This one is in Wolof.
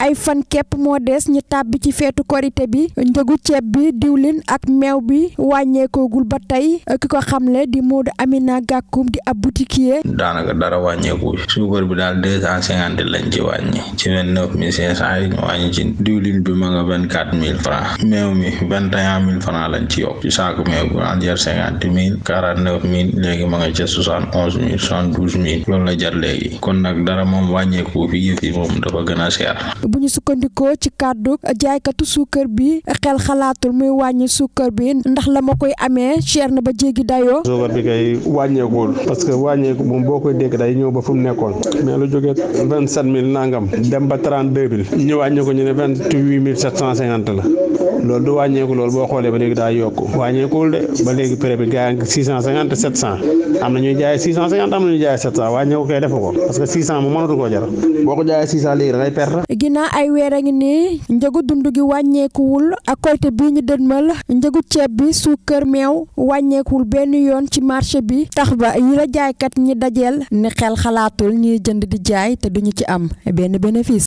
ay fan képp moo des ñu tàbbi ci feetu korité bi njëgu ceeb bi diwlin ak meew bi wàññeekoogul ba tey ki ko xamle di Modou Amina Gakoum di ab boutiquier. daanaka dara wàññeeku suukar bi daal deux cent cinquante lañ ci wàññi ci vingt neuf mille cinq cent yi ñu diwlin bi ma nga vingt quatre mille franc meew mi vingt et un lañ ci yokk ci saaku meew bi en jar léegi ma nga ca soixante onze mille soixante la jar léegi kon nag dara moom wàññeeku fi yëf moom dafa gën a seer. bu ñu sukkandikoo ci kàddu jaaykatu suukar bi xel xalaatul muy wàññi suukar bi ndax la ma koy amee cher na ba jéggi dayoo. suukar bi kay wàññeekuwul parce que wàññeeku moom ba fu mu nekkoon mais lu jógee vingt sept mille nangam dem ba trente deux mille ñu wàññi ko ñu ne vingt huit mille sept cent la loolu du wàññeeku loolu boo xoolee ba léegi daa yokk wàññeekuwul de ba léegi prix bi gaa ngi cent cinquante sept cent am na ñuy jaay six cent cinquante am na ñuy jaay sept cent wàññeeku kay defu ko parce que six cent mu mënatu koo jar boo ko jaayee six cent léegi da ngay perte naa ay weer a ngi nii njëgu dund gi wàññeekuwul ak korite bii ñu dënmal njëgu ceeb bi suukar meew wàññeekuwul benn yoon ci marché bi tax ba yi la jaaykat ñi dajeel ni xel xalaatul ñuy jënd di jaay te duñu ci am benn bénéfice